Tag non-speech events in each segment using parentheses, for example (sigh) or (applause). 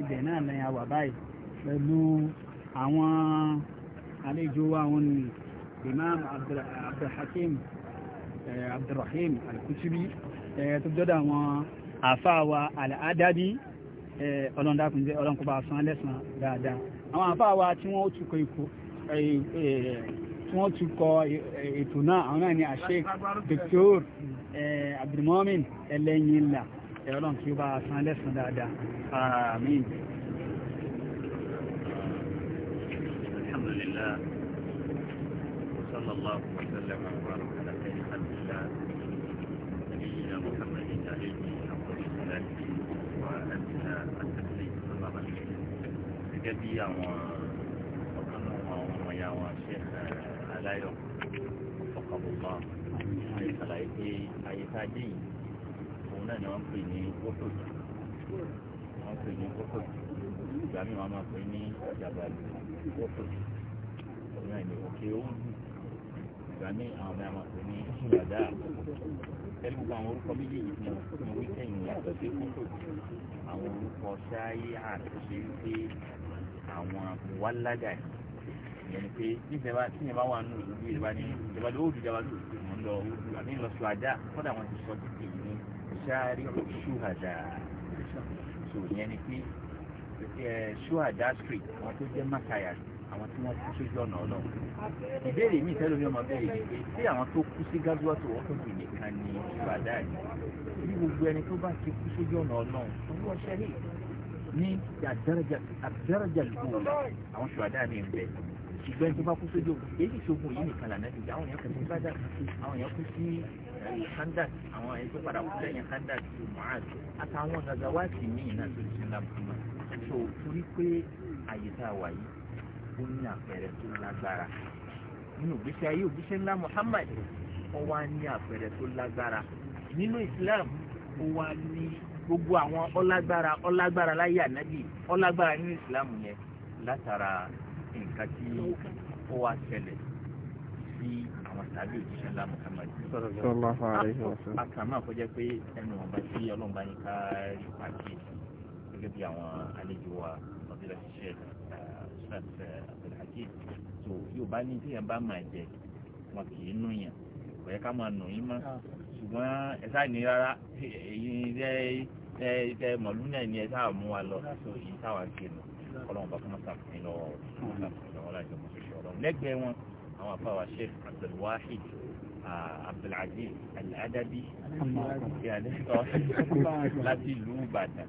ibẹ̀ náà ni a wà báyìí pẹ̀lú àwọn àlejò wa wọn ni imam abdulhakim abdulrahim alkutubi tó jọ́dọ̀ àwọn àfáà wa al'adabi ọlọ́ndàkùnjẹ́ ọlọ́nkọba san lẹ́sàn dáadáa àwọn àfáà wa tí wọ́n tukọ̀ ikú tí wọ́n tukọ̀ ètò náà àwọn náà ni àṣẹ dr abdulmomin ẹlẹ́yìnlá ìkẹ́ ọlọ́run kí ó bá san lẹ́sàn dáadáa àmín. alhamdulillah sallallahu wasallam wa barak ala sayyidina abdullah nabiyina muhammadin alayhi afdal salati wa adna at-taslim sallallahu alayhi gẹ́gẹ́ bí àwọn ọ̀kan àwọn ọmọ ya wọn ṣe aláyọ̀ fọkànlọ́wọ́ àyíkàlà ìpè àyíká dé yìí òun náà ni wọ́n ń pè ní kótó wọ́n pè ní kótó ìgbà míì wọ́n máa pè ní ìjàbàlù kótó òun náà ni òkè òun ìgbà míì àwọn ọmọ máa pè ní ìṣúwàdà ẹni gbogbo àwọn orúkọ méjèèjì ni wọ́n wí sẹ́yìn yàtọ̀ sí kótó àwọn orúkọ ṣááyé àtúnṣe wípé àwọn wàlágà yẹn pé níjẹba tíyẹnba wà nù ìjọba ní ìjọba ló dùjọba ló dùn mọ́ lọ àbí lọ ajá kọ́dà wọn ti sọ títì yìí ṣáárí ṣúhàdà so ìyẹn ni pé ṣúhàdà street àwọn tó jẹ́ mákàyà àwọn tí wọ́n kú sójú ọ̀nà ọlọ́run ìbéèrè mi ìtẹ́lẹ̀ omi ọmọ bẹ́ẹ̀ yìí pé tí àwọn tó kú sí gádùá tó wọ́n tó kù nìkan ni ṣúhàdà yìí bí gbogbo ẹni tó bá ti kú sójú ọ̀nà ọlọ́run owó ọṣẹ́ lè ní àdáràjà lùkùn àwọn ṣùhàdà mi ń bẹ ṣùgbọ́n tó bá kú sójú èyí ṣogun yìí nìkan lànà ìjà àwọn handak àwọn èyí tó padà kú lẹ́yìn handak tó mohad àtàwọn gazawaati míì náà tó ti ń lábùmọ̀ so torí pé àyíká wa yìí ó ní àpẹẹrẹ tó lágbára nínú ìgbésí ayé òjíṣẹ́ ńlá Muhammad ó wá ní àpẹẹrẹ tó lágbára nínú Islam ó wá ní gbogbo àwọn ọlágbára ọlágbára láyé ànábì ọlágbára nínú Islam yẹn látara nǹkan tí ó wá ṣẹlẹ̀ sí àwọn tàbí òjíṣẹ́ ńlá Muhammad sallallahu alaihi wasallam akàn náà kọjá pé ẹnu ọba tí ọlọ́run bá yín ká rí pàkí gẹ́gẹ́ bí àwọn àlejò wa ọ̀dẹ́lẹ̀ ṣiṣẹ́ ṣáàtẹ̀ àbẹ̀lẹ̀hàkì tó yóò bá ní tíyẹn bá máa jẹ wọn kì í nù yàn kò yẹ ká máa nù yín mọ́ ṣùgbọ́n ẹ sáà ní rárá èyí ẹ ẹ mọ̀lú náà ni ẹ sáà mú wa lọ tó yìí táwa ṣe nù ọlọ́run bá kọ́ mọ́ lẹ́gbẹ̀ẹ́ wọn àwọn afáwà sheikh abdulwahid abdulaziz aladabi láti ìlú ìbàdàn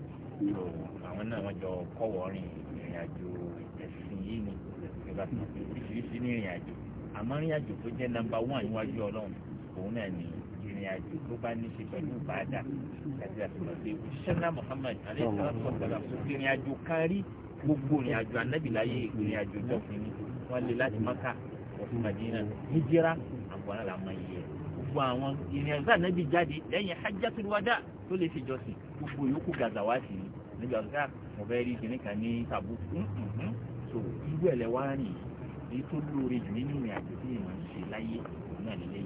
àwọn náà wọ́n jọ kọ́wọ́rin ìrìn àjò ẹ̀sìn yìí ni oríṣiríṣi ní ìrìn àjò àmọ́ ìrìn àjò tó jẹ́ nọ́mbà wán níwájú ọlọ́run òun náà ni ìrìn àjò tó bá ní ṣe pẹ̀lú ìbàdà àti àtúnṣe ṣẹ́nà muhammad aleyhisselam sọ̀tàlá ìrìn àjò kárí gbogbo ìrìn àjò anábìláyé ìrìn àjò jọ́fin ni wọ́n lé láti mọ́ká Madina hijira àǹfààní la máa yẹ gbogbo àwọn ìrìn àjò jáde lẹ́yìn hajjatul tó lè fi jọsìn gbogbo yòókù gazawasi níbi àgbà mo fẹ́ rí kìnnì kan ní tàbú mm, mm, mm. so irú ẹ̀lẹ́ wá rìn èyí tó lóore jù nínú ìrìn àjò tí ìmọ̀ ń ṣe láyé òun náà nílé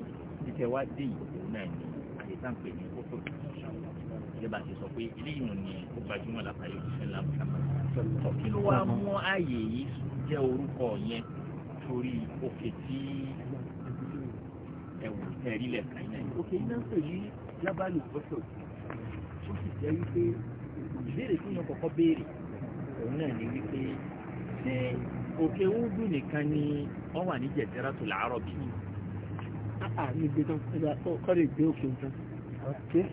títẹ wá dé yìí òun náà ní àyètàǹpẹ̀ ní kókò ìjọba ti sọ pé eléyìí ni ó gbajúmọ̀ lápá yóò ṣẹlẹ̀ àbúrò kí ló wá mú ààyè yìí jẹ́ orúkọ yẹn torí òkè tí ẹ̀wọ̀n ẹ̀rí lẹ̀ka iná yìí òkè iná pè ní lábàlù pẹ́sọ̀ ó sì jẹ́ wípé ìbéèrè tí wọ́n kọ́kọ́ béèrè òun náà ni wípé ṣé òkè oúnjẹ nìkan ni wọ́n wà ní jẹ̀dẹ́rà tó làárọ̀ bí. àmì ìgbé tán ẹ̀dá kọ́ lè gbé òkè tán. ọ̀kẹ́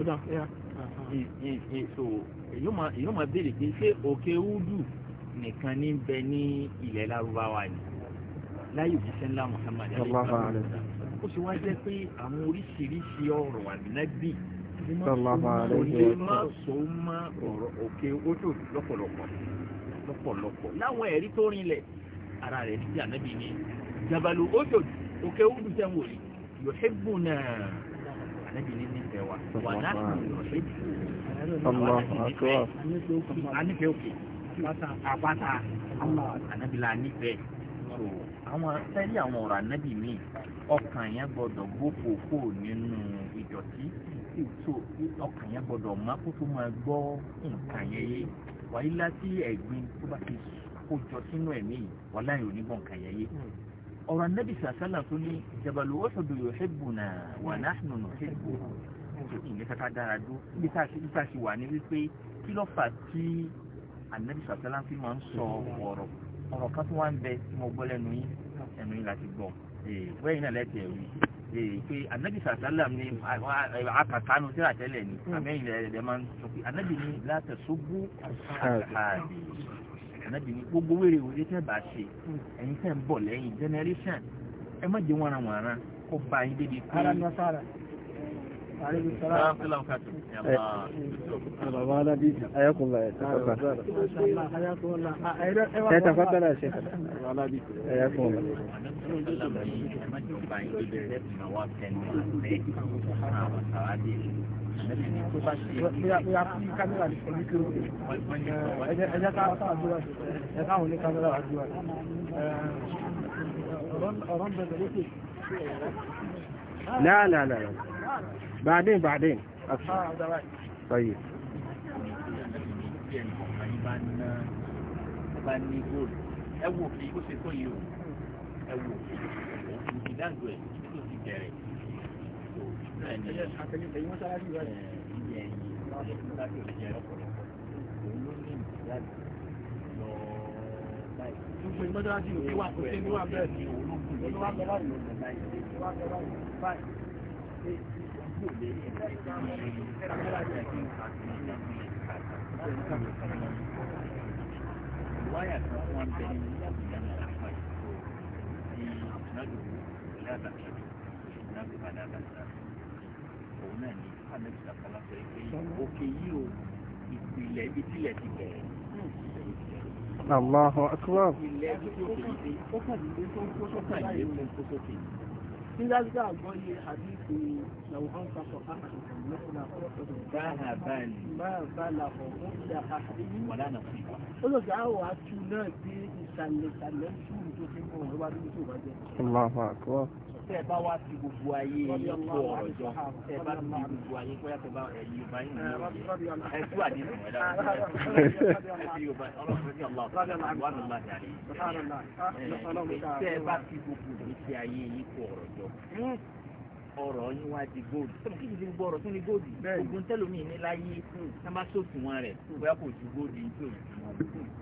ọ̀dà ẹ̀yà. èyí ó máa béèrè pé ṣé òkè oúnjẹ nìkan ní bẹ ní ilẹ̀ lárúbáwá ni láyé òjíṣẹ́ ńlá Muhammad ó sì wá jẹ́ pé àwọn oríṣiríṣi ọ̀rọ̀ ànábì ní má so má ọ̀rọ̀ òkè ojú lọ́pọ̀lọpọ̀ lọ́pọ̀lọpọ̀ láwọn ẹ̀rí tó rinlẹ̀ ara rẹ̀ sí ànábì ni jabalu ojú òkè ojú tẹ̀ wò rí yòóhébù náà ànábì ní nífẹ̀ẹ́ wa wà láti yòóhébù náà ànífẹ̀ẹ́ òkè àpáta ànábìlà nífẹ̀ẹ́ so àwọn sẹ́rí àwọn ọ̀rọ̀ ànábì míì ọkàn yẹn gbọ́dọ̀ gbófo kò nínú ìdọ̀tí so ọkàn yẹn gbọ́dọ̀ má kó tó máa gbọ́ nǹkan yẹn yé wàyí láti ẹ̀gbin tó bá ti kójọ sínú ẹ̀mí yìí wàlá yìí ò ní gbọ́ nǹkan yẹn yé ọ̀rọ̀ ànábì sàṣálà tó ní jabalu wọ́sọ̀dù yuhibbuna wa nahnu nuhibbu ìyẹn kata dára dó ibi tá a ṣe wà ní wípé kí ló fà tí anabi sàtàlá fi máa ń sọ ọ̀rọ̀ ọ̀rọ̀ kan tó wá ń bẹ tí mo gbọ́ lẹ́nu yín ẹnu yín láti gbọ́ wẹ́yìn náà lẹ́tẹ̀ rí pé anabi sàtàlá ni akàkánu tí àtẹ́lẹ̀ ni hmm. àmẹ́yìn lẹ́ẹ̀dẹ̀ máa ń sọ pé anabi ni látẹ̀sógún àkàkàdì anabi ni gbogbo wèrè wèrè tẹ́ bá ṣe hmm. ẹ̀yin tẹ́ ń bọ̀ lẹ́yìn generation ẹ má jẹ́ wọ́nra wọ́nra kó ba yín débi pé لا لا لا لا بعدين بعدين أفضل. طيب ẹwọ رواية عثمان بن أحمد إسناده لا بأس إسنادها لا بأس òun náà ni anabi sàkàlà sọ pé òkè yìí o ìpìlẹ̀ ibi tílẹ̀ ti bẹ̀rẹ̀. Allahu akbar. Ilẹ̀ ibi tí ó kàn dé tó ń kó sókè yìí ló ń kó sókè yìí. nígbàgbà àgbọ́yé àdíkù làwọn sàkọ̀ àhàkùn mẹ́fìlà ọ̀pọ̀lọpọ̀ báà báàlì báà báàlì àkọ́kọ́ ìjà àhàkùn wọ̀lá náà fi wà. ó lọ sí àwọ̀ àtú ìsàlẹ̀ ìsàlẹ̀ sùúrù tó fi kọ̀ ọ̀rọ̀ wá lórí tó bá jẹ́ tẹ́ ẹ bá wá sí gbogbo ayé kó ọ̀rọ̀ jọ tẹ́ ẹ bá sí gbogbo ayé kó yàtọ̀ bá ẹ̀yìn yorùbá yìí nìyẹn ẹ tú àdínú ẹ̀ dára ẹ̀yìn yorùbá ọlọ́run ní ọ̀la wà ní ọ̀la dàrí tẹ́ ẹ bá sí gbogbo ìgbésí ayé yìí kó ọ̀rọ̀ jọ ọ̀rọ̀ yín wá di góòlù tọ́bi kí n ti gbọ́ ọ̀rọ̀ tó ní góòlù ogun tẹ́lómi ní láyé tá a bá sóòtù wọn rẹ̀ bóyá kò ju góòlù yìí tó yìí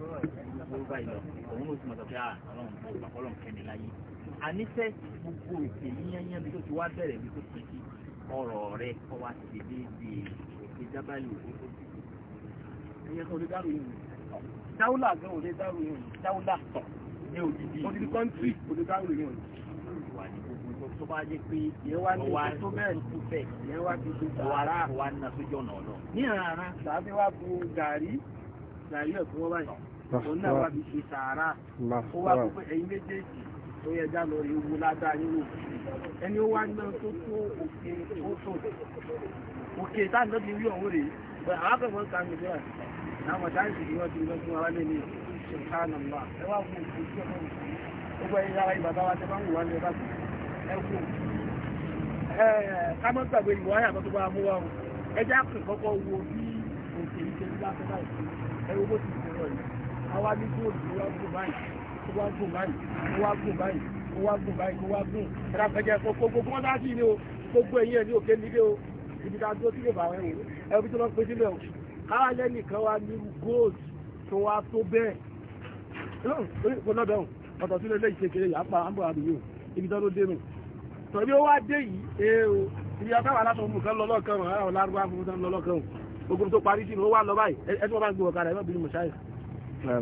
báyìí lọ òun ló ti mọ̀ sọ́kẹ́ àlọ́run ah, tó pàkọ́lọ́n kẹ́ni láyé àníṣe gbogbo òkè yíyanyan bí tó ti wá bẹ̀rẹ̀ bí tó ti di ọ̀rọ̀ rẹ̀ kọ́ wa ti dé di òkè jábàlì òkè dáúlà gan ò lè dárò yìí dáúlà tọ̀ ní òdìdí òdìdí kọ́ńtì ò lè dárò yìí tó bá jẹ́ pé yẹn wá ní tó mẹ́rin tó fẹ́ yẹn wá fi ṣe wa nà sójú ọ̀nà ọ̀nà. ní ara sàbí wá bu gàrí gàrí ọ̀tún wọ́n báyìí òun náà wá fi ṣe sàárà ó wá pé ẹ̀yin méjèèjì tó yẹ já lọ rí owó ládàá nínú ẹni ó wá náà tó tó òkè ó tó òkè táà lọ́ọ́ rí ọ̀hún rèé bẹ́ẹ̀ àwọn akẹ́kọ̀ọ́ kan ní bẹ́ẹ̀ àwọn táǹsì ni wọ́n ti lọ fún wa lẹ́ni ṣùgbọ́n àná ẹ wá fún òkè tí ó gbọ́ ẹ̀yà ìbàbá wa tẹ́ bá ń wà ní ọba tó ẹ̀kú ká mọ́ gbàgbé ìwọ ayé àtọ́tọ́ bá mú wa o ẹjẹ́ àpè kọ́kọ́ wo bí òkè ìṣe ní láti báyìí ẹ̀rọ bó gbogbo ẹ̀yìn ẹ̀ ní òkè nílé o ibi tá a dúró bàwẹ̀ o ẹ̀rọ tó lọ pé sílẹ̀ o káwá lẹ́nìkan wa ní góòlù tó wá tó bẹ́ẹ̀ ọ̀tọ̀ sílẹ̀ lẹ́yìn kékeré yà á pa ibi tó ló dé tọ́bí ó wá dé yìí èrò eh, ibi ọ̀táwà aláṣọ ọmọ kan lọ lọ́ọ̀kan rọ̀ àwọn lárúbá fún tán lọ lọ́ọ̀kan ogun tó parí sínú ó wá lọ báyìí ẹni wọ́n bá ń gbé ọ̀kadà ẹ̀mọ́ bínú mọ̀ṣáì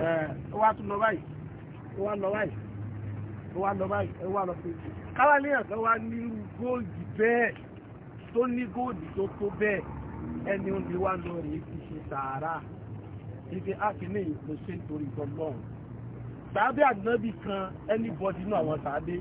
eh, ó wá tún lọ báyìí ó wá lọ báyìí ó wá lọ báyìí ó wá lọ sí káwá ní àkàn wá ní góòlì bẹ́ẹ̀ tó ní góòlì tó tó bẹ́ẹ̀ ẹni ó lè wá lọ rèé fi ṣe sàárà ibi ákíní ìpòṣe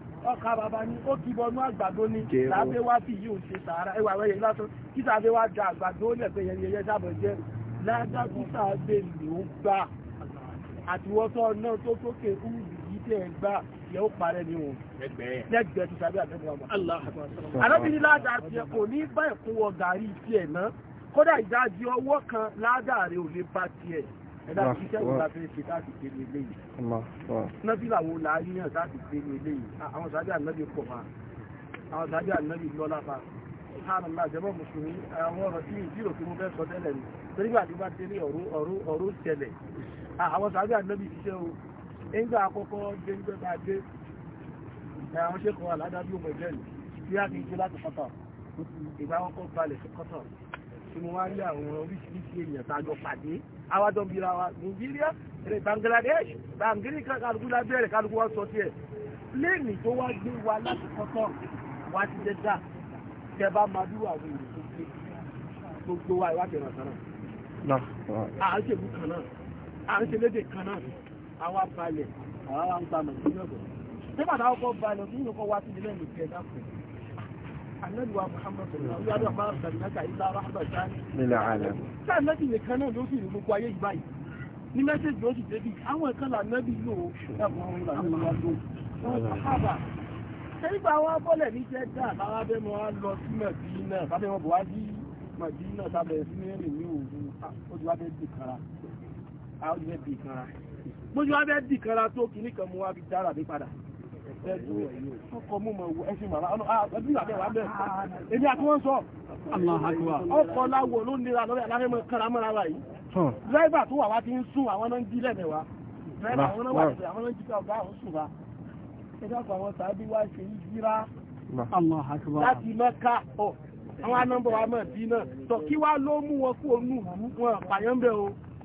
ọkà bàbá ni ó kì bọnú àgbàdo ni lábẹ́ wá fi yíò ṣe sàárà ẹwà ẹ̀yẹ lásán kí sàbẹ́ wá da àgbàdo lẹ̀ pé yẹn yẹn sábọ̀ jẹ́ ládá kí sàbẹ́ ló gbà àtiwọ́tọ́ náà tó tókè úùdì yìí tẹ̀ ẹ̀ gbà yẹn ó parẹ́ ni òun lẹ́gbẹ̀ẹ́ ti sàbẹ́ àbẹ́bọ̀ àmọ́. alábìnrin ládàá tiẹ̀ kò ní bá ẹ̀kún wọ gàrí tiẹ̀ náà kódà ìdájí ọwọ́ kan ládàá rẹ̀ ò lè bá tiẹ̀ ẹ̀dá ti iṣẹ́ wo la fẹ́ ṣe láti gbé ní eléyìí nọ́bílà wo la yíyàn láti gbé ní eléyìí àwọn sàájà nọ́bí pọ̀ máa àwọn sàájà nọ́bí lọ́lá pa subhanallah jẹ́mọ́ mùsùlùmí àwọn ọ̀rọ̀ tí ìjírò tí mo fẹ́ sọ tẹ́lẹ̀ ni torí gbà tí bá ti rí ọ̀rọ̀ ṣẹlẹ̀ àwọn sàájà nọ́bí ṣiṣẹ́ o nígbà àkọ́kọ́ dé nígbà bá dé àwọn ṣẹ́kọ̀ọ́ aládàbí òmò ìbẹ̀rù tí a kì í ṣe láti kọ́tọ̀ ìgbà àkọ́kọ́ balẹ̀ sí kọ́tọ̀ tí mo wá rí àwọn oríṣiríṣi èèyàn tájọ pàdé awájọ bíra wa Nàìjíríà èrè eh, Bangladesh bangiri kálukú lábẹ́rẹ̀ kálukú wá sọ tiẹ̀ pléènì tó wá gbé wa láti kọ́tọ̀ wá ti jẹ́ dà tẹ bá máa dúró àwọn èrò tó gbé tó gbó wa ìwádìí ọ̀nà kan náà à ń ṣèlú kan náà à ń ṣelédè kan náà àwa balẹ̀ àwa wa ń gba Nàìjíríà bọ̀ nígbà táwọn kọ́ balẹ̀ òfin ìlú kan wá sí ilé ìlú kẹta kù ànábì wa Muhammad sallallahu alaihi wa sallam sàrìnàkà ìlà rahmat sani. nílẹ̀ àlẹ́. sáà nẹ́bí nìkan náà ló sì rí gbogbo ayé yìí báyìí ní mẹ́sẹ̀jì ó sì débi àwọn ẹ̀kan lànàbí lò ẹ̀kùn ọ̀run lànàbí wá lò ọ̀hábà nígbà wọn bọ́lẹ̀ ní jẹ́dá àbára bẹ́ mọ́ wá lọ sí Mẹ̀dínà tàbí wọn bọ̀ wá sí Mẹ̀dínà tàbí sí mẹ́rin ní òru ojú wa tó kìíní mú wá fi dára bí padà ọkọ̀ mú ah, èmi àti wọ́n sọ ọkọ̀ láwọ̀ ló nira lọ́rẹ́ alárẹ́mọ kárámọ́ra wa yìí dírẹ́bà tó wà wá ti ń sùn àwọn náà ń jí lẹ́mẹ̀wá dírẹ́bà àwọn náà wà ti ṣe àwọn náà tọ̀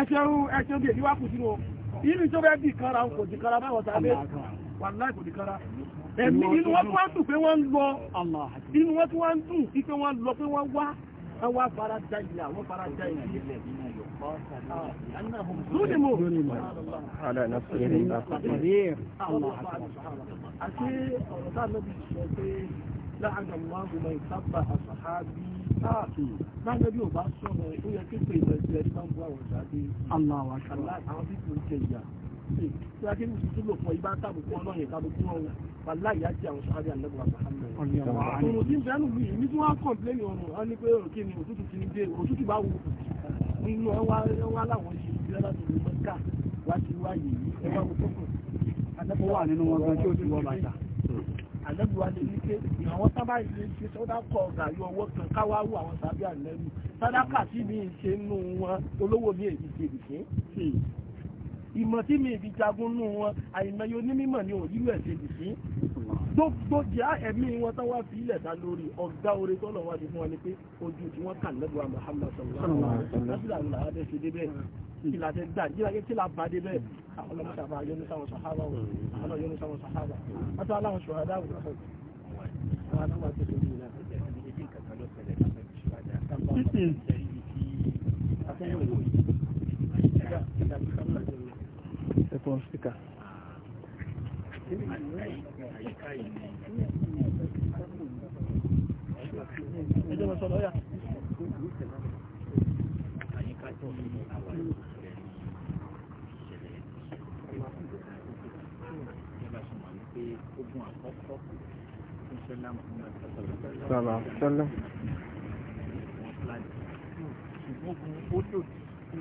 Ẹṣẹ́rú ẹṣẹ́ bí èdíwá tó bẹ́ bí kára kò dì kára tàbí wà kò dì Ẹ̀mí inú wọ́n tó wá tù pé wọ́n lọ, inú wọ́n tó wá ń sí pé wọ́n lọ pé wọ́n wá, fara láàrín àwọn àgbọmọ ìtàbà àṣàhábí láàfin láàrín ẹbí ò bá sọ̀rọ̀ ó yẹ kí pé ìbẹ̀rẹ̀ sí ẹni máa ń bọ́ àwọn ìṣàdé aláwọ̀ àṣàlá àwọn tí kò jẹ ìyà tí a kí ní ìṣútú lò fún ibà ọlọ́yìn tábùkù ọ̀hún pàlá ìyá tí àwọn ṣàdé àlẹ́bùwà sàhámẹ́ ọ̀rùn tí ń bẹ́ẹ̀ nù àlẹ́bùwá lè ní pé àwọn sábà ilé ṣe sọ́dá kọ gàyọ ọwọ́ kan káwá wù àwọn sábẹ́ àlẹ́rù sádákà tí mi ṣe nù wọn olówó mi èyí ṣe bìṣẹ́ ìmọ̀ tí mi ìbí jagun nù wọn àìmọye onímọ̀ ni òyìnbó ẹ̀ ṣe bìṣẹ́ gbogbo jẹ́ ẹ̀mí wọn tán wá fi ilẹ̀ dá lórí ọ̀gá orí tọ́lọ̀ wá di fún wa ni pé ojú tí wọ́n kà lẹ́gbàá Muhammad sallallahu alaihi wasallam láti làwọn làwọn adé ṣe débẹ̀ ìlàjẹ́ gbà jíláyé tí la bá débẹ̀ àwọn ọlọ́mọdàbà yọnu sáwọn sàhábà wọn àwọn yọnu sáwọn sàhábà àti aláwọn ṣùhádà wọn àwọn aláwọ̀ àti ìṣòro ìlà Thank you. Sọ̀rọ̀ sọ́lọ́. Ṣùgbọ́n ó lòdì sí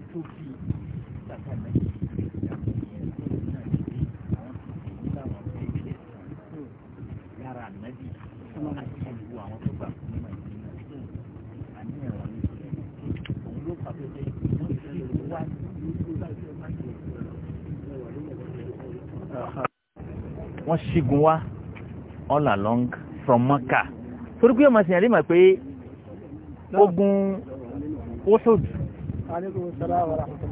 ìtòkì ìtàkàmẹ́sì. ànábì àti gbogbo àwọn tó gbà fún ìmọ̀ ìdílé náà àníyàn wọn ní òun ló pàtó pé ìmọ̀ ìdílé ló wà ní wọ́n ṣígun wá all along from Mecca torí pé ọmọ sí àríma pé ogun Uhud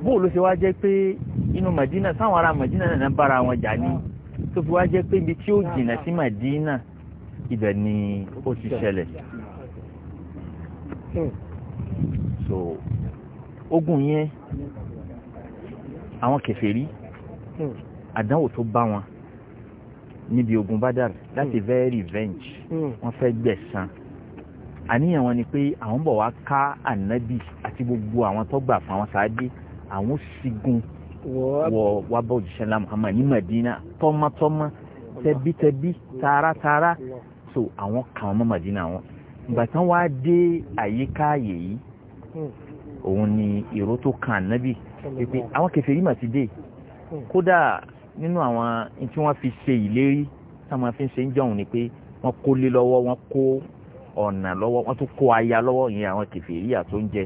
bóòlù ṣe wá jẹ́ pé inú Madina sáwọn ará Madina náà bára wọn jà ní tó fi wá jẹ́ pé ibi tí ó jìnà sí Madina ibẹ̀ ni ó ti ṣẹlẹ̀ so ogun yẹn àwọn kèfèrí àdánwò tó bá wọn níbi ogun Badar láti fẹ́ revenge wọ́n fẹ́ gbẹ̀san àníyàn wọn ni pé àwọn bọ̀ wá ká ànábì àti gbogbo àwọn tó gbà fún àwọn sáájú àwọn sigun wọ wá bá òjíṣẹ́ lá ní Madina tọ́mọtọ́mọ tẹbítẹbí tààràtààrà so àwọn kan mọ́ Madina wọn ìgbà tán wá dé àyíká ààyè yìí òun ni ìró tó kan ànábì pé àwọn kèfèrí mà ti dé hmm. kódà nínú àwọn tí wọ́n fi ṣe ìlérí táwọn fi ń ṣe ń jọ̀hún ni pé wọ́n kólé lọ́wọ́ wọ́n kó ọ̀nà lọ́wọ́ wọ́n tún kó aya lọ́wọ́ ìyẹn àwọn kèfèrí àtó ń jẹ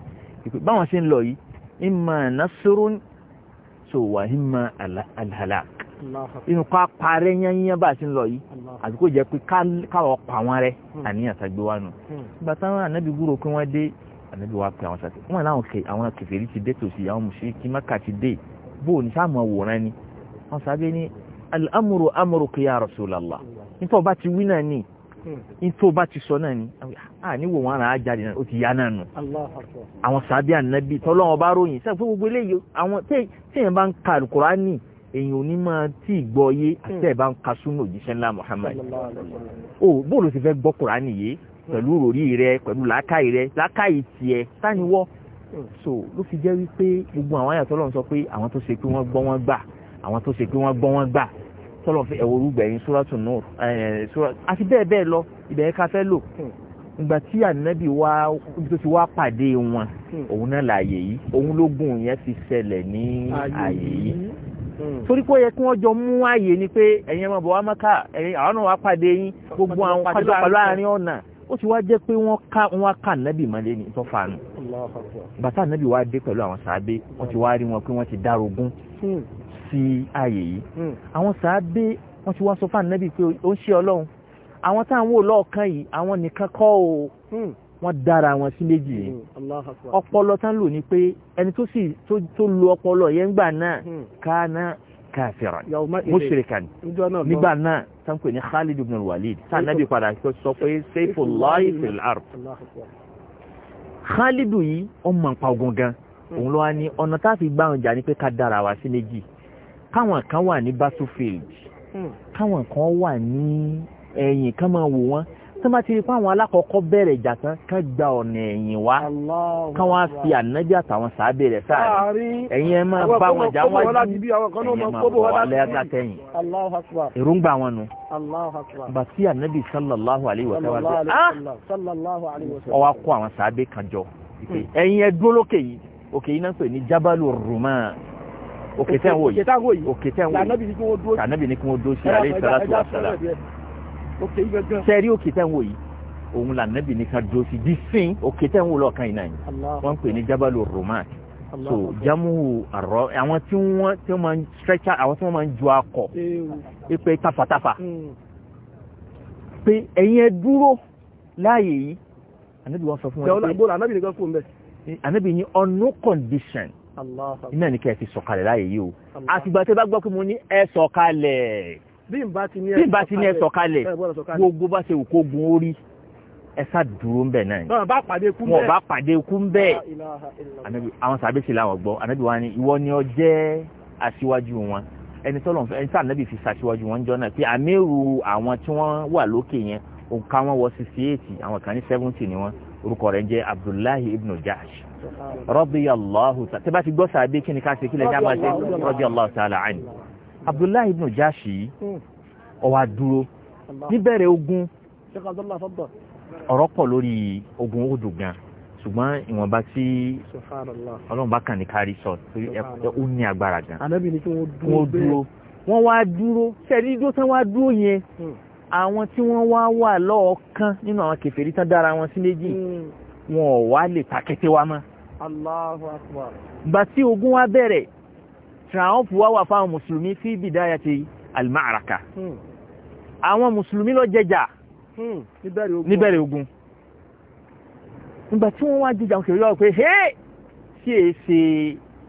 pé báwọn ṣe ń lọ yìí imma nasrun so wa imma alhalak nǹkan parẹ́ yányán bá ti ń lọ yìí àti kò jẹ́ pé káwọ́ pa wọ́n rẹ́ hmm. àníyàn sàgbé wa nù nígbà hmm. táwọn ànábì gbúrò pé wọ́n dé ànábì wa pé àwọn sàkè wọ́n láwọn kẹ àwọn kèfèrí ti dé tòsí àwọn mùsùlùmí mẹ́ka ti dé bó ní sáàmù àwòrán ni wọ́n sábẹ́ ní al-amru amruka ya Rasulallah hmm. nítorí ọba ti wí náà ni nítorí ọba ti sọ náà ni àníwò wọn àrà ájáde náà ó ti yá náà nù àwọn sàbí ànábì tọ́lọ́wọ́n bá ròyìn sẹ́ẹ̀ fún gbogbo eléyìí àwọn téèyàn èyàn òní máa tí ìgbọ́ yé hmm. àti ẹ̀bá ń ka súnú òjíṣẹ́ ńlá Muhammad o bóòlù ti fẹ́ gbọ́ kùránì yé hmm. pẹ̀lú ròrí rẹ pẹ̀lú làákàyè rẹ làákàyè tiẹ̀ sániwọ́ hmm. so ló fi jẹ́ wípé gbogbo àwọn àyàtọ̀ lọ́n sọ pé àwọn tó ṣe pé wọ́n gbọ́ wọ́n gbà àwọn tó ṣe pé wọ́n gbọ́ wọ́n gbà tọ́lọ̀ fi ẹ̀wọ̀ orúgbẹ̀yìn Suratu Nur àti bẹ́ẹ̀ bẹ́ẹ̀ lọ ibẹ̀ ká fẹ́ lò ìgbà tí ànábì wá ibi tó ti wá pàdé wọn òun náà láàyè yìí òun lógún yẹn fi ṣẹlẹ̀ ní àyè yìí Mm. torí pé ó yẹ kí wọ́n jọ mú ààyè ni pé ẹ̀yin ọmọ bọ̀wá mọ́ká ẹ̀yin àwọn náà wá pàdé yín gbogbo àwọn pàdé pàlọ́ àárín ọ̀nà ó ti wá jẹ́ pé wọ́n ká wọ́n ká nábì mọ́lẹ́ ní ìtọ́fàánù bàtà nábì wá dé pẹ̀lú àwọn sàábé wọ́n ti wá rí wọn pé wọ́n ti dárógún mm. sí ààyè yìí mm. àwọn sàábé wọ́n ti wá sọ fáànù nábì pé ó ń ṣe ọlọ́run àwọn táwọn wò lọ́ọ̀kan yìí àwọn nìkan kọ́ wọ́n dára wọn sí méjì yìí hmm, ọpọlọ tán lò ní pé ẹni tó sì tó lo ọpọlọ yẹn gbà náà hmm. kánà kafiran mushrikan nígbà náà tán pè ní Khalid ibn al-Walid tán nábì padà sọ pé sayfullahi fil ard Khalidu yìí ọmọ nǹpa ogun hmm. òun ló wá ní ọ̀nà tá a fi gbá ọjà ni pé ká dára wa sí méjì káwọn kan wà ní battlefield káwọn kan wà ní ẹ̀yìn ká máa wò wọ́n tó má ti rí fáwọn alákọ̀ọ́kọ́ bẹ̀rẹ̀ ìjà tán kán gba ọ̀nà ẹ̀yìn wá kán wá fi ànábì àtàwọn sàábẹ̀ rẹ̀ sáàrin ẹ̀yìn ẹ̀ máa bá wọn jà wájú ẹ̀yìn ẹ̀ máa bọ̀ wá lẹ́yàtàtẹ̀yìn èròǹgbà wọn nu bá sí ànábì sallallahu alayhi wa sallam ọwọ́ ah! kó àwọn sàábẹ̀ kan jọ ẹ̀yìn ẹ̀ lókè yìí òkè yìí náà pè ní jábàlù rùmán òkè tẹ́wọ̀ yìí òkè tẹ́wọ̀ yìí sẹ́rí òkè tẹ́ ń wò yìí òun là nẹ́bì ní ká dúró sí di sin òkè tẹ́ ń wò lọ́ọ̀kan yìí náà ni wọ́n pè ní jabalu roman so jamu arọ àwọn tí wọ́n tí wọ́n máa ń stretcher àwọn tí wọ́n máa ń ju akọ pé tafatafa hmm. pé ẹ̀yin ẹ dúró láàyè yìí anabi wọn sọ fún wọn pé ìbò anabi nìkan fún bẹ́ẹ̀ anabi ní on no condition iná ní kẹ́ ẹ fi sọ̀kalẹ̀ láàyè yìí o àtìgbà tẹ́ bá gbọ́ pé mo ní ẹ sọ̀kalẹ̀ bí n bá ti ní ẹ sọ̀kalẹ̀ gbogbo bá ṣe òkó gun orí ẹ sá dúró ń bẹ̀ náà ni wọn bá pàdé ikú ń bẹ̀ àwọn sàbẹ̀ sí làwọn gbọ́ ànábì wọn ni ìwọ ni ọ jẹ́ aṣíwájú wọn ẹni tọ́lọ̀ ẹni tí ànábì fi ṣaṣíwájú wọn jọ náà pé àmẹ́rù àwọn tí wọ́n wà lókè yẹn òǹkà wọn wọ sixty eight àwọn kan ní seventy ni wọn orúkọ rẹ̀ ń abdullahi ibn jahsh radiyallahu ta'ala tẹ́ bá ti gbọ́ sàbẹ̀ kí ni ká ṣe kí lẹ́jà máa ṣe radiyallahu abdullahi ibn jashi hmm. ó wá dúró níbẹ̀rẹ̀ ogun ọ̀rọ̀ pọ̀ lórí ogun odò gan ṣùgbọ́n ìwọ̀nba tí ọlọ́run bá kàn ní kárí sọ torí ó ní agbára gan wọ́n dúró wọ́n wá dúró ṣẹ́rí dúró tán wá dúró yẹn hmm. àwọn tí wọ́n wá wà lọ́ọ̀kan nínú àwọn kèfèrí tán dára wọn sí méjì hmm. wọn ò wá lè takété wa mọ́. Allahu Akbar. ogun wá bẹ̀rẹ̀ triumph wá wà fáwọn mùsùlùmí fi bidayati al-ma'raka hmm. àwọn mùsùlùmí ló jẹjà hmm. níbẹ̀rẹ̀ ogun nígbà tí wọ́n wá jíjà òkè yọ pé hé sí èsè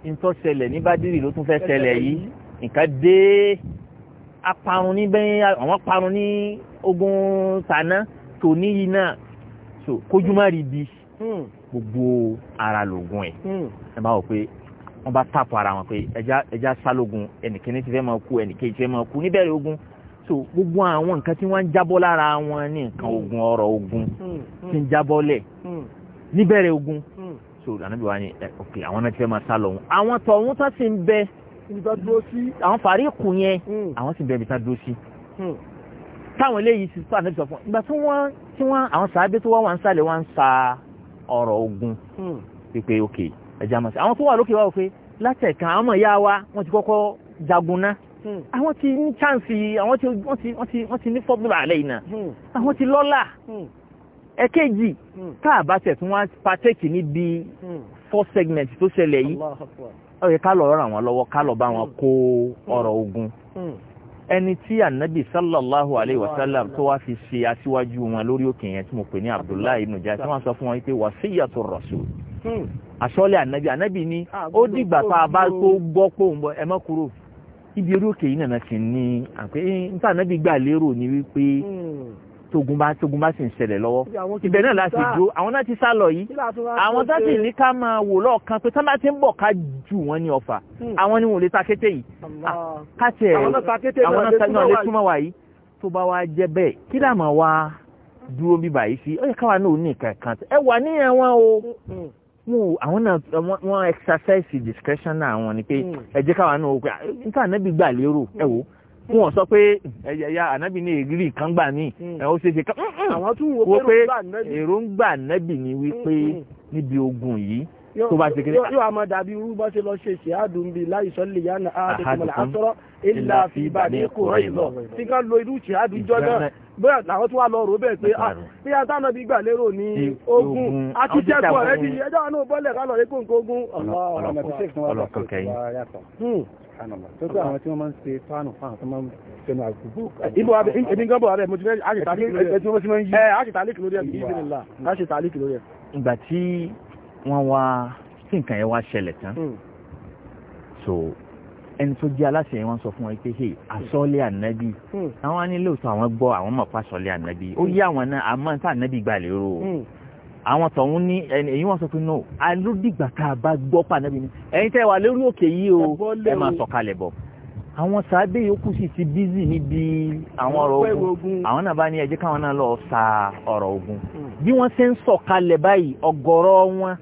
nǹkan ṣẹlẹ̀ ní bádìrì ló tún fẹ́ ṣẹlẹ̀ yìí nǹkan dé aparun níbẹ̀ àwọn parun ní ogun tàná tòní yìí náà kójúmọ́ rí bí hmm. gbogbo ara lògùn ẹ̀ ẹ bá wọ pé wọ́n bá tàpọ̀ ara wọn pé ẹja ẹja sálógun ẹnìkíní ti fẹ́ máa kú ẹnìkejì ti fẹ́ máa kú níbẹ̀rẹ̀ ogun so gbogbo àwọn nǹkan tí wọ́n ń jábọ́ lára wọn ní nǹkan hmm. ogun ọ̀rọ̀ ogun hmm. Hmm. ti ń jábọ́lẹ̀ níbẹ̀rẹ̀ ogun so ànábì wa ni ẹ eh, ok àwọn náà ti fẹ́ máa sá lọ wọn àwọn tọ̀hún tán sì ń bẹ àwọn fàríkù yẹn àwọn sì ń bẹ dúró sí táwọn eléyìí ti fún ànábì sọ fún ìgbà tí wọ́n àwọn sàábé tó wọ́n wà ń sálẹ̀ wọ́n ń sa ọ̀rọ̀ ogun pípé ok ẹja mọ̀ sí àwọn tó wà lókè wá wò pé látẹ̀kan àwọn ọmọ ìyá wa wọ́n ti kọ́kọ́ jagun hmm. àwọn ti ní chance àwọn ti wọ́n ti wọ́n ti wọ́n ti ní fọ́bùlà alẹ́ yìí náà hmm. àwọn ti lọ́là hmm. ẹ̀kejì tá a bá tẹ̀ tún wá pàtẹ́kì níbi four segment tó ṣẹlẹ̀ yìí ó yẹ ká lọ ràn wọ́n lọ́wọ́ ká lọ bá wọn kó ọ̀rọ̀ ogun ẹni tí ànábì sallallahu alayhi wa sallam tó wá fi ṣe aṣíwájú wọn lórí òkè yẹn tí mo pè ní abdullahi ibn jahsh tí wọ́n sọ fún wọn pé wàsíyàtò rasul àṣọ́lẹ̀ ànábì ànábì ni ó dìgbà tá bá gbọ́ pò ń bọ́ kúrò ibi eré yìí nàná sì ní àpé ànábì gbà lérò ni wípé hmm. tógun bá tógun bá sì ń ṣẹlẹ̀ lọ́wọ́ ibẹ̀ náà ti sá lọ yìí àwọn tá sì ní ká máa wò lọ́ọ̀kan pé sábà ti ń bọ̀ ká jù wọ́n ní hmm. ni ah, ta kété yìí àwọn náà lè túmọ̀ wá yìí tó bá wá jẹ́ bẹ́ẹ̀ kí wá dúró bíbà yìí sí wọ́n àwọn náà wọ́n exercise discretion náà àwọn ni pé hmm. ẹ jẹ́ káwọn náà pé níta ànábì gbà lérò ẹ wò hmm. wọ́n sọ pé ẹ̀yà ànábì ní ìrírí kan gbà ní hmm. ẹ̀ ó ṣe ṣe kan wọ́n pé èròǹgbà ànábì ni wípé níbi ogun yìí tó bá ṣe kiri. yóò àmọ́ dàbí irú bá ṣe lọ ṣe ṣe àdùn bíi láìsọ lè yá na àdùnkùnmọ̀lá àtọ́rọ́ ìlà fi ìbàdí kòrò ìlọ tí ká lo irú ṣe àdùjọ náà bóyá làwọn tó wà lọ rò bẹ́ẹ̀ pé ah, bí a tánà bí gbà lérò ní ogun àti jẹ́kọ̀ọ́ rẹ bí ẹjọ́ àánú bọ́lẹ̀ ká lọ rí kóńkó ogun tókù àwọn tí wọ́n máa ń ṣe fáànù fáànù tó máa ń tẹnu àgbùgbò. Eh, ibo abẹ ebi ń gánbọ̀ abẹ mo ti fẹ́ àṣetàlíkì lórí ẹ̀. ẹ àṣetàlíkì eh, lórí ẹ̀ bí ìbílẹ̀ la àṣetàlíkì lórí wọ́n wá tí nǹkan yẹn wá ṣẹlẹ̀ tán hmm. so ẹni tó jẹ́ aláṣẹ yẹn wọ́n sọ fún wọn pé hey asọ́lé ànábì hmm. àwọn á ní lóòótọ́ àwọn gbọ́ àwọn mọ̀ pa asọ́lé ànábì ó yí hmm. àwọn náà àmọ́ tá ànábì gbà lérò o àwọn tọ̀hún ní ẹni èyí wọ́n sọ pé no alódìgbà tá a bá gbọ́ pa ànábì ni ẹ̀yin tẹ́ wà lórí òkè yìí o ẹ máa sọ̀kalẹ̀ bọ̀ àwọn sàábé yòókù sì ti bízì níbi àwọn ọ̀rọ̀ ogun àwọn náà bá ní ẹ jẹ́ káwọn náà lọ sa ọ̀rọ̀ ogun bí wọ́n ṣe ń sọ̀kalẹ̀ báyìí ọ̀gọ̀rọ̀ wọn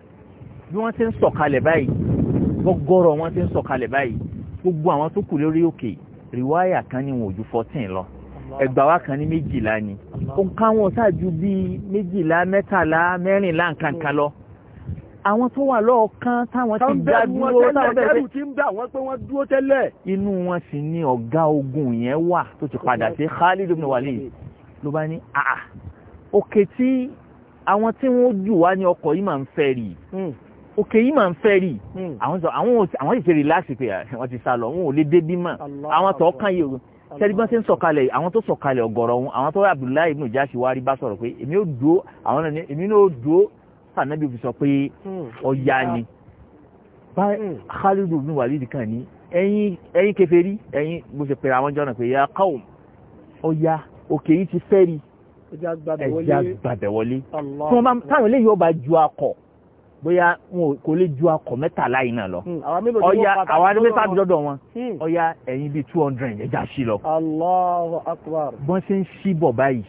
bí wọ́n ti ń sọ̀kalẹ̀ báyìí gbọ́gọ́rọ̀ wọ́n ti ń sọ̀kalẹ̀ báyìí gbogbo àwọn tó kù lórí òkè rìwáyà kan ní wọn ò ju fourteen lọ ẹgbàá wa kan ní méjìlá ni ó ń ká wọn ṣáàjú bíi méjìlá mẹ́tàlá mẹ́rìnlá nǹkankan lọ àwọn tó wà lọ́ọ̀kan táwọn ti dá dúró táwọn bẹ̀rẹ̀ tí ń bá wọn pé wọ́n dúró tẹ́lẹ̀. inú wọn sì ni ọ̀gá ogun yẹn wà tó ti padà sí Khalid ibn Walid ló bá ní àà òkè tí àwọn tí wọ́n jù wá ní ọkọ̀ yìí máa ń fẹ́ rí hmm òkè yìí máa ń fẹ́ rí hmm. àwọn sọ àwọn àwọn ìṣe rìláàsì pé ah, wọ́n ti sá lọ wọn ò lè dé bí mà àwọn tó kàn yìí sẹ́ni bá ṣe ń sọ̀kalẹ̀ àwọn tó sọ̀kalẹ̀ ọ̀gọ̀rọ̀ wọn àwọn tó Abdullahi ibn Jashi wá rí bá sọ̀rọ̀ pé èmi ò dúó àwọn náà èmi náà ò dúó sànàbí fi sọ pé hmm. ọ̀yá ni hmm. bá Khalid ibn Walid kan ní ẹ̀yin ẹ̀yin kèfèrí ẹ̀yin bó ṣe pèrè àwọn jọ́nà pé ya qaum ọ̀yá òkè yìí ti fẹ́ rí ẹ̀já gbàbẹ̀wọlé táwọn eléyìí ọba ju akọ̀ bóyá kò lè ju akọ̀ mẹ́tàlá yìí náà lọ hmm, ọya àwọn adébẹ́ta dọ́dọ̀ wọn hmm. ọya ẹ̀yìn bíi two hundred ẹ̀já sí lọ. Allahu Akbar. bọ́n ṣe ń ṣíbọ̀ báyìí.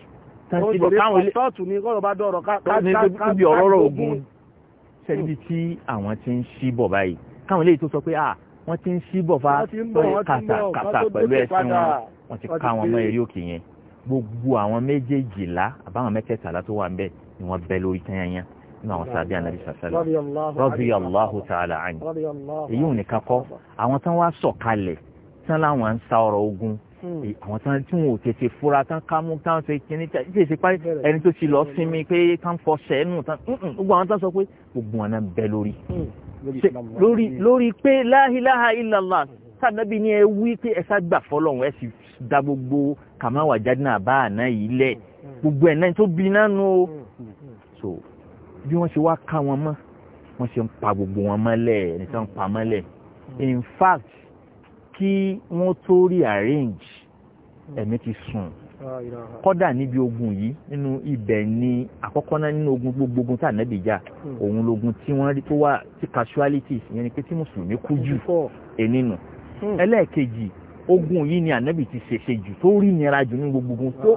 tọ́ọ̀tù ni kọ́lọ̀ bá dọ̀rọ̀ ká ká ká níbi ọ̀rọ̀ ogun hmm. ṣẹ́ni tí àwọn ti ń ṣíbọ̀ báyìí káwọn eléyìí tó sọ pé à ah, wọ́n ti ń ṣíbọ̀ fa kàtàkàtà pẹ̀lú ẹ̀sìn wọn wọ́n ti ká wọn mọ́ eré òkè yẹn gbogbo àwọn méjèèjìlá àbáwọn mẹ́tẹ̀ẹ̀tàlá tó wà ń bẹ̀ ni wọ́n bẹ́ lórí tẹ́yányán nínú àwọn sàbí ànábì sàfẹ́lẹ̀ radiyallahu ta'ala anhu èyí ò ní kakọ́ àwọn tán wá sọ̀kalẹ̀ tán láwọn ń sa ọ̀rọ̀ ogun hmm. àwọn tán tí wọn ò tètè fura tán ká mú tán ṣe kíní tí èsì pa ẹni tó ti lọ sinmi pé tán fọ sẹ́ẹ̀nù tán gbogbo àwọn tán sọ pé gbogbo wọn náà bẹ lórí hmm. lórí lórí pé la ilaha sàdábì ni ẹ wí pé ẹ ságbà fọlọ́run ẹ sì da gbogbo kàmáwá jáde náà bá àná yìí lẹ̀ hmm. gbogbo ẹ̀ náà tó bí náà nù ó bí wọ́n ṣe wá ká wọn mọ́ wọ́n ṣe ń pa gbogbo wọn mọ́lẹ̀ ẹni tí pa mọ́lẹ̀ hmm. in fact kí wọ́n tó rí arrange hmm. ẹ̀mí ti sùn kọ́dà níbi ogun yìí nínú ibẹ̀ ni àkọ́kọ́ náà nínú ogun gbogbo ogun tá ànábì jà hmm. òun logun tí wọ́n rí tó wà tí casualties ìyẹn ni pé tí mùsùlùmí kú jù ẹ̀nínú ẹlẹ́ẹ̀kejì ogun yìí ni ànábì ti ṣẹ̀ṣẹ̀ jù tó rí nira jù ní gbogbo ogun tó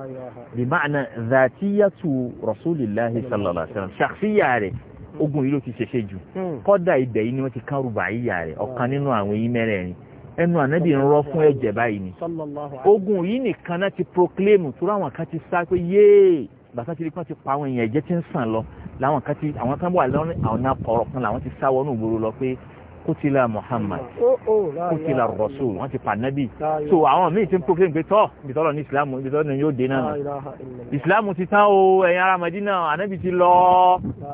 lè máa na zàtíyàtù rasulillahi sallallahu alaihi wasallam ṣàfihàn rẹ̀ ogun yìí ló ti ṣẹ̀ṣẹ̀ jù hmm. kọ́dà ibẹ̀ yìí ni wọ́n ti kárù bàyíyà rẹ̀ ọ̀kan nínú àwọn èyí mẹ́rẹ̀ẹ̀rin ẹnu ànábì ń rọ́ fún ẹ̀jẹ̀ báyìí ni ogun yìí nìkan náà ti proclaim tura àwọn kan ti sá pé yéè bàtà tí wọ́n ti pa àwọn èèyàn ẹ̀jẹ̀ ti ń sàn lọ làwọn kan ti àwọn kan wà àwọn kútìlá muhammad oh, oh, kútìlá rasul wọ́n ti pànábì so àwọn míì ti ń proclaim pé tọ́ ìbítọ́lọ̀ ní ìsìlámù ìbítọ́lọ̀ ní yóò dé náà ìsìlámù ti tán o ẹ̀yin ará madina anábì ti lọ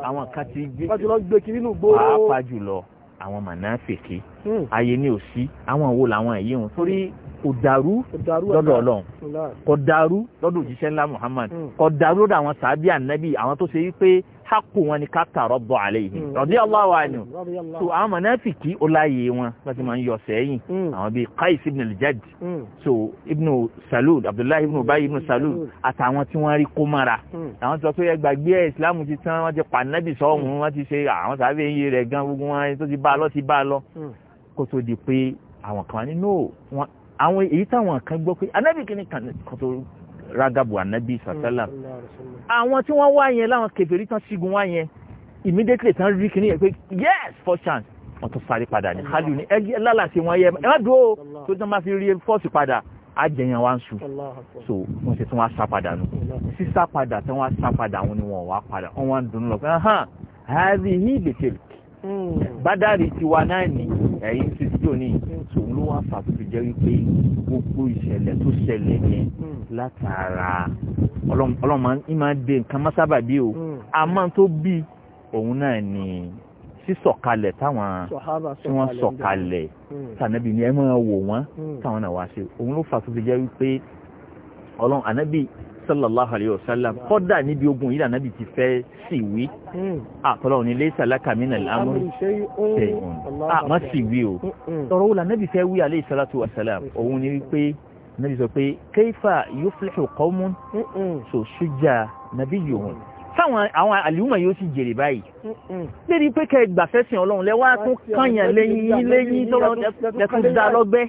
àwọn kan ti gbé pàápàá jùlọ àwọn mànáfèké hmm. ayé ní òsí àwọn wo làwọn èyí hùn torí kò dàrú lọ́dọ̀ ọlọ́run kò dàrú lọ́dọ̀ òjíṣẹ́ ńlá muhammad hmm. kò dàrú lọ́dọ̀ àwọn sàábì ànábì àwọn tó ṣe wípé hákù wọn ni ká tààrọ bọ àlẹ yìí hmm. radiyallahu anhu so àwọn mọnàfìkì ó láàyè wọn wọn ti máa ń yọ sẹ́yìn hmm. àwọn bíi qais ibn al-jadd hmm. so ibn salud abdullahi ibn ubayi ibn salud àtàwọn tí wọn rí kó mara àwọn sọ pé ẹgbàgbé ẹ islam ti tán wọn ti pànẹbì sọhùn wọn ti ṣe àwọn sábẹ iye rẹ gan gbogbo wọn tó ti bá a lọ ti bá a lọ kó tó di pé àwọn kan nínú àwọn èyí táwọn kan gbọ́ pé anábìkíní kan tó Ragabu ànábì sàtẹ́là mm, àwọn tí wọ́n wá yẹn láwọn kèfèrí tán sígun wá yẹn immediately tán rí kìíní yẹn pé yes first chance wọ́n tún sáré padà ní hálù ní ẹgbẹ́ lálàsí wọn yẹ ẹ má dúró tó tán bá fi rí fọ́ọ̀sì padà ajẹyàn wa ń sùn so wọ́n ṣe tún wá sá padà nù sísá padà tán wá sá padà wọn ni wọn wá padà wọn wá ń dùn lọ pé hàn hàbí ní ìgbèkèlè bádàrí tiwa náà ní ẹ̀yìn tí tí ò ní tòun ló wá fà tó fi jẹ́ wípé gbogbo ìṣẹ̀lẹ̀ tó ṣẹlẹ̀ yẹn látara ọlọ́mọ ní máa dé nǹkan mọ́sábàbí o àmọ́ hmm. tó bí òun náà ní sísọ̀kalẹ̀ táwọn tí wọ́n sọ̀kalẹ̀ hmm. tànàbí ni ẹ máa wò wọ́n hmm. táwọn náà wá ṣe òun ló fà tó fi jẹ́ wípé ọlọ́run ànábì sallallahu alayhi wa sallam kọ́dà níbi ogun yìí lànà bí ti fẹ́ sì wí àtọ́lọ́ ní laysa laka min al-amri shay'un àmọ́ sì wí o tọrọ wò lànà bí fẹ́ wí alayhi salatu wa salam òun ni wípé nàbí sọ pé kayfa yuflihu qawmun so ṣújà nàbí yòówùn sáwọn àwọn àlìhùmọ̀ yóò sì jèrè báyìí lédi pé kẹ gbàfẹ́sìn ọlọ́run lẹ́wọ́ á tún kànyàn lẹ́yìn lẹ́yìn tọ́lọ́ lẹ́kùn dá lọ́gbẹ́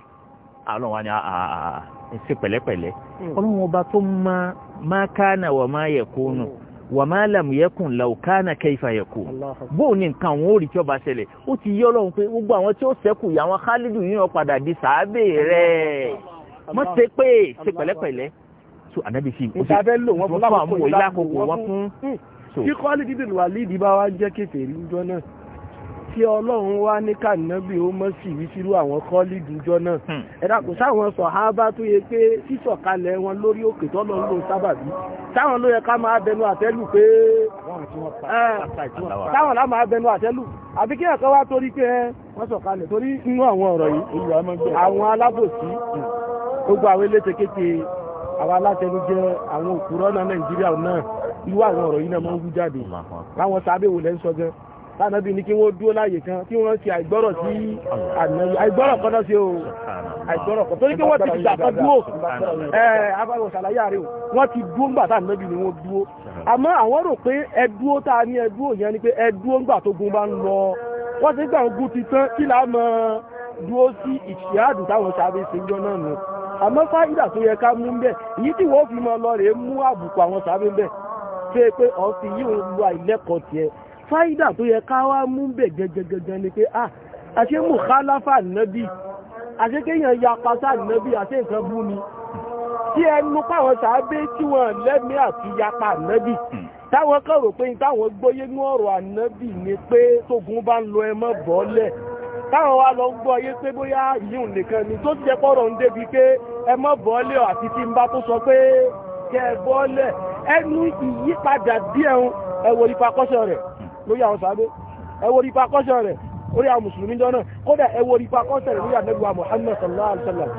àwọn wà ní àà ṣe pẹ̀lẹ́pẹ̀lẹ́ ọlọ́run ọba tó máa ma kana wa ma yakunu wa ma lam yakun law kana kayfa yakun bó ní nǹkan wọn ò rí tí ó bá ṣẹlẹ̀ ó ti yọ́ lọ́hun pé gbogbo àwọn tí ó sẹ́kù yà wọn Khalidu yìí ó padà di sàábè rẹ̀ mọ́ ṣe pé ṣe pẹ̀lẹ́pẹ̀lẹ́ tó ànábì sí i ó ṣe fún àwọn ìlà àkókò wọn fún. kí Khalidu bin Walid bá wá jẹ́ kéfèé rí jọ tí ọlọ́run wá ní kànábì ó mọ́ sí ìwísírú àwọn kọ́ọ̀lì dùjọ́ náà hmm. ẹ̀dá kò sáwọn sọ̀hábà tó yẹ pé sísọ̀kalẹ̀ wọn lórí òkè tọ́lọ́ ló sábàbí sáwọn ló yẹ ká máa bẹnu àtẹ́lù pé sáwọn lá máa bẹnu àtẹ́lù àbí kí ẹ̀kọ́ wá torí pé wọ́n sọ̀kalẹ̀ torí inú àwọn ọ̀rọ̀ yìí àwọn alábòsí gbogbo àwọn eléte kéte àwọn alátẹnujẹ àwọn òkúrọ́ náà Nàìjíríà náà irú àwọn ọ̀rọ̀ yìí náà máa ń wú jáde láwọn sábẹ́ lẹ́ ń sọ gan tánàbí ní kí wọ́n dúó láàyè kan tí wọ́n ti àìgbọ́rọ̀ sí ànàbí àìgbọ́rọ̀ kan náà sí o àìgbọ́rọ̀ kan torí pé wọ́n ti fi dàkan dúó ẹ̀ abáwọ̀ ṣàlàyé àrẹ o wọ́n ti dúó ńgbà tánàbí ni wọ́n dúó àmọ́ àwọn rò pé ẹ dúó tá a ní ẹ dúó yẹn ni pé ẹ dúó ńgbà tó gun bá ń lọ wọ́n ti gbà ń gun ti tán kí là á mọ dúó sí ìṣíàdù táwọn ṣàbẹ̀ ṣe jọ náà nù àmọ́ fáyidà tó yẹ ká mú ń bẹ̀ èyí tí wọ́n fi mọ lọ rèé mú àbùkù àwọn ṣàbẹ̀ bẹ̀ ṣe pé ọ̀ fi yíò lu àìlẹ́kọ̀ọ́ tiẹ̀ fáídà tó yẹ ká wá mú bẹ̀ gẹ́gẹ́gẹ́gẹ́ ni pé ah àṣẹ mú kálàfà nábì àṣẹ kéèyàn ya pàṣà nábì àṣẹ nǹkan bú ni tí ẹnu káwọn sàábé tí wọn lẹ́mí àti yapa nábì táwọn kan rò pé táwọn gbóyé ní ọ̀rọ̀ ànábì ni pé tógun bá ń lọ ẹmọ bọ́ọ̀lẹ̀ táwọn wa lọ gbọ́ ayé pé bóyá ìyún nìkan ni tó ti jẹ́ pọ́rọ̀ ń débi pé ẹmọ bọ́ọ̀lẹ̀ àti tí ń bá tó sọ pé kẹ́ bọ́ọ̀lẹ̀ ẹnu ìyípadà díẹ̀ ẹ̀wọ̀ ìfakọ́sọ rẹ̀ lórí àwọn sàábé ẹ wo repercussion rẹ̀ orí àwọn mùsùlùmí jọ náà kódà ẹ wo repercussion rẹ̀ lórí àdẹ́gbà Muhammad sallallahu alaihi wasallam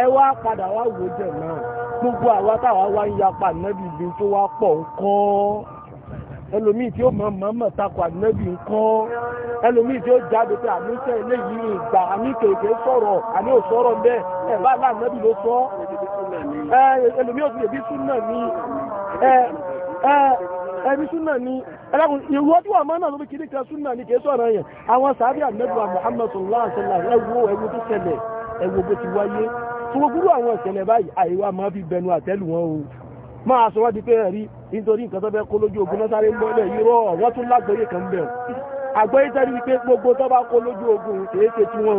ẹ wá padà wá wò jẹ náà gbogbo àwa táwa wá ń yapa nẹ́bì ibi tó wá pọ̀ ń kọ́ ẹlòmíì tí ó mọ mọ́mọ́ takò ànẹ́bì ń kọ́ ẹlòmíì tí ó jáde pé àníṣẹ́ eléyìí ìgbà bí súnà ní ẹ ẹni súnà ni ẹlẹ́kùn ìwọ́ tí wà máa náà lórí kìíní kan súnà ni kìí sọ̀rọ̀ yẹn àwọn sàábì àmẹ́dùwà Muhammad sallallahu alaihi wasallam ẹwọ ẹwọ tó ṣẹlẹ̀ ẹwọ bó ti wáyé tó gbogbo àwọn ìṣẹ̀lẹ̀ báyìí àìwá máa fi bẹnu àtẹ́lù wọn o máa sọ wájú pé ẹ̀rí nítorí nǹkan tó fẹ́ kó lójú ogun náà sáré ń bọ́ lẹ̀ irọ́ wọ́n tún lágbóyè kan bẹ̀ àgbóyè tẹ́lú wípé gbogbo tó bá kó lójú ogun kìí ṣe tí o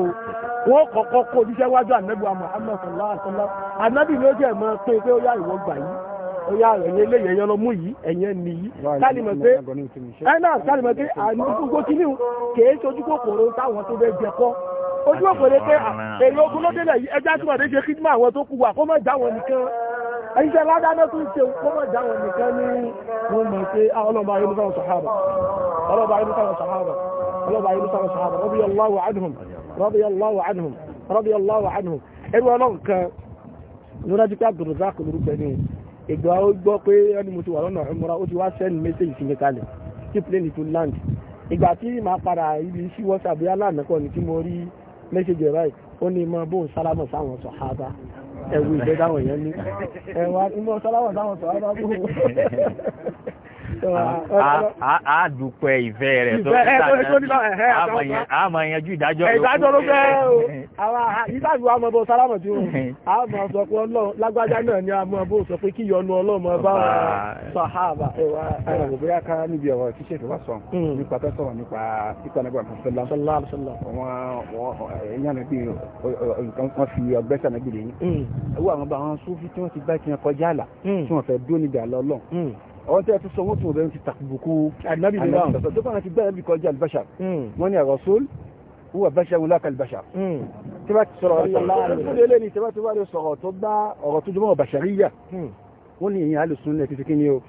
wọ́n kọ̀ọ̀kan kó Muhammad sallallahu alaihi wasallam ànábì ló jẹ́ mọ́ pé pé ó yá ìwọ yìí oyá ẹ̀yìn eléyìí ẹ̀yìn ọlọ́mú yìí ẹ̀yìn ẹni yìí kálímọ̀ pé ẹ̀nà kálímọ̀ pé àmójúgbó kínní kèé sojú kòkòrò táwọn tó bẹ jẹ kọ́ ojú òkòrò pé èrè ogun ló délẹ̀ yìí ẹjá tí wọ́n dé ṣe kí mọ́ àwọn tó kù wà kó mọ̀ já wọn nìkan ẹ̀yìn tẹ́ ládáná tó ń ṣe kó mọ̀ já wọn nìkan ní wọn mọ̀ pé ọlọ́ba ayé ló sáwọn sàhábà ọlọ́ba ayé ló sáwọn sàhábà ọlọ́ba ayé ló sáwọn sàhábà radiyallahu ìgbà ó gbọ́ pé ẹni mo ti wà lọ́nà ìmúra ó ti wá sí mi kalẹ̀ tí plane to land ìgbà tí màá padà ibi sí WhatsApp bí alánàkọ́ ni tí mo rí message ẹ̀ ó ní mọ bóun sálámọ̀ sáwọn yẹn ní ìmọ̀ sálámọ̀ sáwọn bóun. Uh, uh, a dúpẹ́ ìfẹ́ rẹ̀ tó tàbí àmà ìyànjú ìdájọ́ ló ìdájọ́ ló fẹ́ o (laughs) ìdájọ́ àmọ́ bó sálámọ̀ tí ó àmọ́ sọ pé ọlọ́run lágbájá náà ni àmọ́ bó sọ pé kí yọnu ọlọ́run bá sàhábà ẹwà ẹwà bóyá ká níbi ọ̀rọ̀ tí ṣètò wá sọ hmm. nípa tó sọ̀rọ̀ nípa pípa nípa ìfọ̀sọ́lá wọ́n fi ọgbẹ́ sànàgbèrè yín hmm. owó àwọn bá wọn sófin tí wọ́n ti gbá ti yan kọjá àlà hmm. tí wọ́n fẹ́ dúró níbi àlọ́ ọlọ́run àwọn tẹ́ tó sọwọ́ tó bẹ̀rẹ̀ ti tàbùkù ànábì nínú àwọn tó bá ti gbẹ̀rẹ̀ bí kọjá albashar hmm. wọ́n ni ar-rasul huwa bashar wulaka albashar hmm. tí bá ti sọ̀rọ̀ ọ̀rọ̀ tó bá ọ̀rọ̀ tó jọmọ́ bashariya hmm. wọ́n ni èyàn alùsùn lẹ́ ti fi kí ni o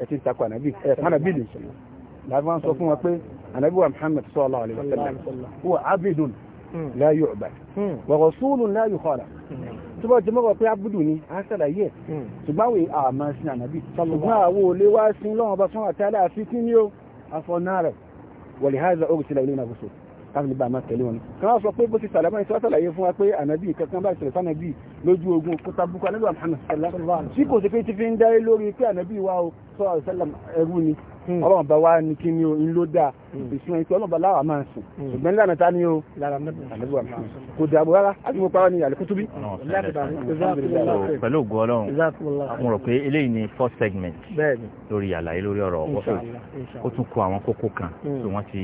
ẹ̀ ti takọ̀ ànábì ànábì lè ṣẹlẹ̀ láàrín sọ fún wa pé ànábì wa muhammad sallallahu alaihi wa sallam huwa tó bá jẹ́ mọ́kọ̀ pé abúdù ni a ṣàlàyé ẹ̀ ṣùgbáwé àmà sí ànàbí ṣùgbọ́n àwọ olè wá sí lọ́wọ́ bá sọ́wọ́ àti aláàfin kí ní ó afọ́nà rẹ̀ wọ̀lì haza ó sílẹ̀ ilé ìnàbùsọ káfílì bá máa tẹ̀lé wọn ni kan sọ pé bó ti sàlámà ìṣọ́ sàlàyé fún wa pé ànàbí kankan bá ìṣẹ̀lẹ̀ sànàbí lójú ogun kúta búkú anábì wa ó sọ àṣẹlẹ̀ Hmm. ọlọ́run bá wá ní kíní o ń ló dà ìsúná ìpín ọlọ́run bá láwà máa sùn hmm. ṣùgbọ́n nílànà ta ni o kò dàbò rárá láti mú parọ́ ní àlékútúbí. pẹ̀lú ògùn ọlọ́run mo rò pé eléyìí ni first segment lórí àlàyé lórí ọ̀rọ̀ ọ̀pọ̀ ó tún kó àwọn kókó kan tí hmm. wọ́n ti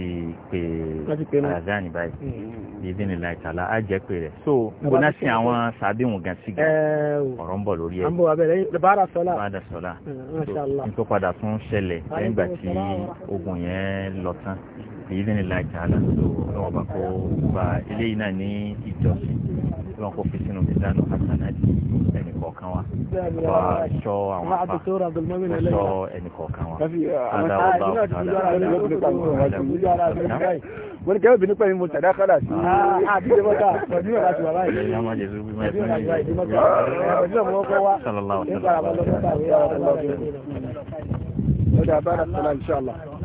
pè àdáni báyìí ìdí ni láìtàlá á jẹ́ pé rẹ̀ so kò náà sin àwọn sàbíhùn gan sí eh, ọ̀rọ̀ ń bọ̀ lórí ẹ̀ bá dà sọ́lá n padà tún ṣẹlẹ̀ lẹ́yìn ìgbà tí ogun yẹn lọ tán èyí lè ní lajà àlà tó lọ́wọ́ bá kó gba eléyìí náà ní ìjọsìn lọ́wọ́ kó fi sínú ìdáná hasanati ẹnì kọ̀ọ̀kan wa wà á sọ àwọn apá wọ́n sọ ẹnì kọ̀ọ̀kan wa adáwọ̀ bá wọn kàdà mo ní kẹ́wọ́ bí nípa ìmú tàdá kọ́lá sí àdíjẹ́ mọ́ta ọdún ọ̀la ti wà báyìí ọdún ọ̀la ti wà báyìí ọdún ọ̀la ti wà báyìí وإلى أبانا السلام إن شاء الله